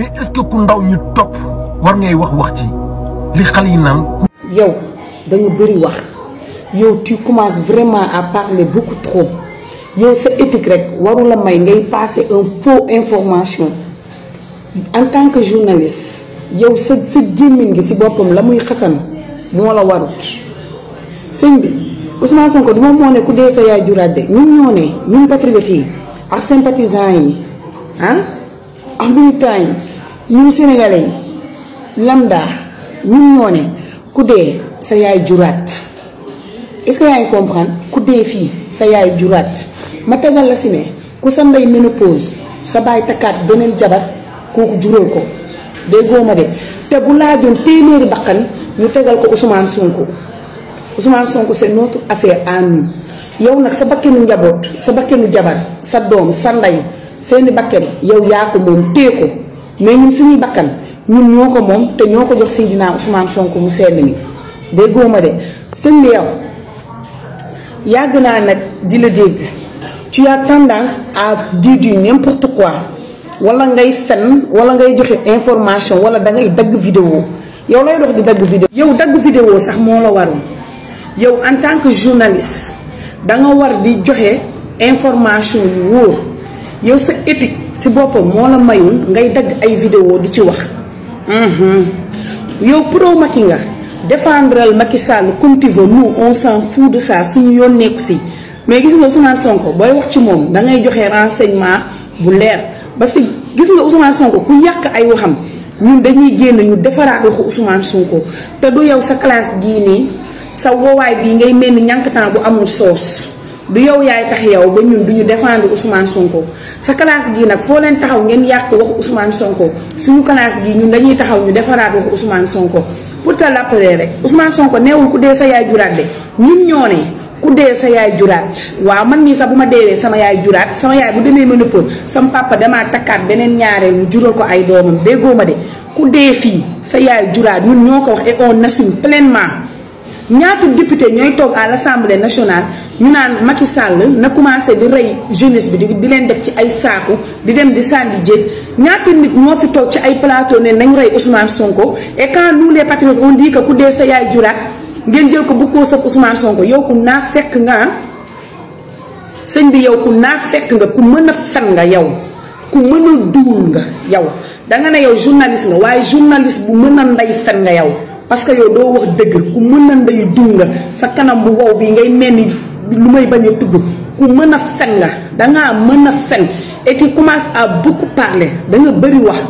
mais est-ce que ku ndaw ñu topp war ngay wax wax ci li xal yi naan. yow da bëri wax yow tu commences vraiment à parler beaucoup trop yow sa éthique rek waru la may ngay passer un faux information en tant que journaliste yow sa sa gémmiñ gi ci boppam la muy xasan moo la warut sëñ bi Ousmane Sonko du moom ne ku dee sa yaay juraat de ñun ñoo ne ñun patriotes yi ak sympathisants yi ah ak militants yi. ñun sénégalais yi lambda ñun ñoo ne ku dee sa yaay juraat est-ce que yaa comprendre ku dee fii sa yaay juraat ma tegal la si ne ku sa ndey ménopause sa baay takkaat beneen jabar kooku jural ko déggoo ma de te bu laa laajoon téeméeri bakkan ñu tegal ko Ousmane Sonko Ousmane Sonko c'est notre affaire à yow nag sa bakkenu njaboot sa bakkenu jabar sa doom sa ndey seeni bakken yow yaa ko moom téye ko mais ñun suñuy bakkan ñun ñoo ko moom te ñoo ko jox Seydina Ousmane Sonko mu sell mi déggoo ma de sëñ bi yow yàgg naa nag di la dégg tu as tendance à dire du n'importe quoi wala ngay fen wala ngay joxe information wala da ngay dagg vidéo yow lay dox di dagg vidéo yow dagg vidéo sax moo la warul yow en tant que journaliste da nga war di joxe information yu wóor yow sa éthique si boppam moo la mayul ngay dagg ay video di ci wax mhm. yow pro Macky nga défendral Macky Sall comme tu nous on s'en fout de ça suñu yoon nekku si mais gis nga Ousmane Sonko booy wax ci moom da ngay joxe renseignement bu leer parce que gis nga Ousmane Sonko ku yàq ay waxam ñun dañuy génn ñu defaraat waxu Ousmane Sonko te du yow sa classe gii nii sa woowaay bii ngay mel ni ñànkataan bu amul soos du yow yaay tax yow ba ñun du ñu défendre Ousmane Sonko sa classe gi nag foo leen taxaw ngeen yàq wax Ousmane Sonko suñu classe gi ñun dañuy taxaw ñu defaraat wax Ousmane Sonko pour te l'appeler rek Ousmane Sonko neewul ku dee sa yaay juraat de ñun ñoo ne ku dee sa yaay juraat waaw man mii sax bu ma deewee sama yaay juraat sama yaay bu demee ménopause sama papa damaa takkaat beneen ñaareel mu jural ko ay doomam déggoo ma de ku dee fii sa yaay juraat ñun ñoo ko wax et on assume pleinement ñaata député ñooy toog à l' assemblée nationale ñu naan mati sàll na commencé di rey jeunesse bi di leen def ci ay saaku di dem di sànni jéeg ñaata nit ñoo fi toog ci ay plateau ne nañ rey Ousmane Sonko et quand nous les patriotes ku dee sa yaay juraat ngeen jël ko bu koo saf Ousmane Sonko yow ku naa fekk nga ah? sëñ bi yow ku naa fekk nga ku mën a fen nga yow ku mën a nga yow danga ne yow journaliste nga waaye journaliste bu mën a ndey fen nga yow. parce que yow doo wax dëgg ku mën a ndey dun nga sa kanam bu wow bi ngay mel ni lu may bañ a tudd ku mën a fen nga dangaa mën a fen et commence commences à beaucoup parler da nga wax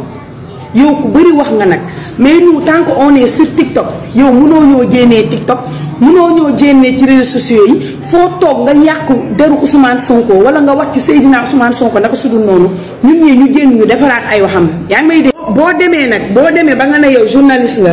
yow ku bëri wax nga nag mais nous tant que on est sur TikTok yow mënoo ñoo génnee TikTok mënoo ñoo génnee ci réseaux sociaux yi foo toog nga yàq deru Ousmane Sonko wala nga wax ci Seydina Ousmane Sonko naka sudul noonu ñun ñii ñu génn ñu defaraat ay waxam yaa ngi may dégg. boo demee nag boo demee ba nga ne yow journaliste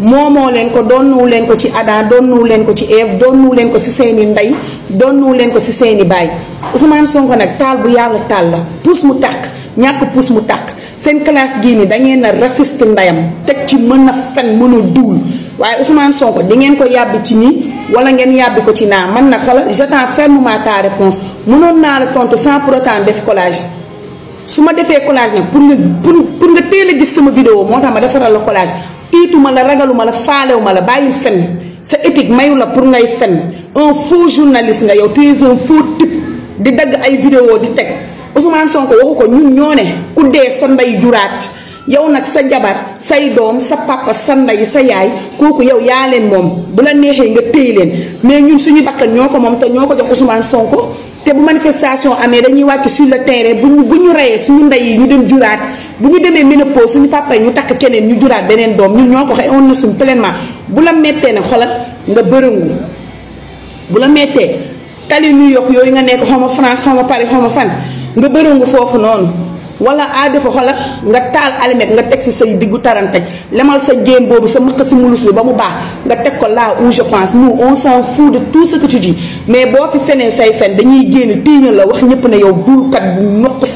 moomoo leen ko doonnuwu leen ko ci Adam doonnuwu leen ko ci Ève doonnuwu leen ko si seeni ndey doonnuwu leen ko si seeni baay Ousmane Sonko nag taal bu yàlla taal la puus mu takk ñàkk puus mu tàkk seen classe gii nii da na a raciste ndeyam teg ci mën na fen mënul a duul waaye Ousmane Sonko di ngeen ko yàbbi ci nii wala ngeen yàbbi ko ci naa man nag xala j'attends fermement ta réponse mënoon naa la tontu sans pour autant def collage su ma defee collage nag pour nga pour pour nga gis sama vidéo moo tax ma defaral la collage tiituma la ragaluma la faalewuma la bàyyil fen sa éthique mayu la pour ngay fen un faux journalist nga yow tu es un faux di dagg ay vidéo di teg Ousmane Sonko waxu ko ñun ñoo ne ku dee sa ndey juraat yow nag sa jabar say doom sa papa sa nday sa yaay kooku yow yaa leen moom bu la neexee nga téye leen mais ñun suñu bakkan ñoo ko moom te ñoo ko jox Ousmane Sonko te bu manifestation amee dañuy wàcc sur le terrain bu ñu bu ñu reyee suñu ndey yi ñu dem juraat bu ñu demee ménopause suñu papa yi ñu takk keneen ñu juraat beneen doom ñun ñoo ko xëy on assume pleinement bu la mettee ne xoolal nga bërëngu bu la mettee tali New York yooyu nga nekk xaw ma France xaw ma Paris xaw ma fan nga bërëngu foofu noonu wala aada fa xoolal nga tal alimet nga tek ci sey digu tarantej lemal sa géem bobu sa maq si mulus bi ba nga tek ko la où je pense nous on s'en fout de tout ce que tu dis mais bo fi fene say fen dañuy génn tiiñal la wax ñëpp ne yow duulkat bu noq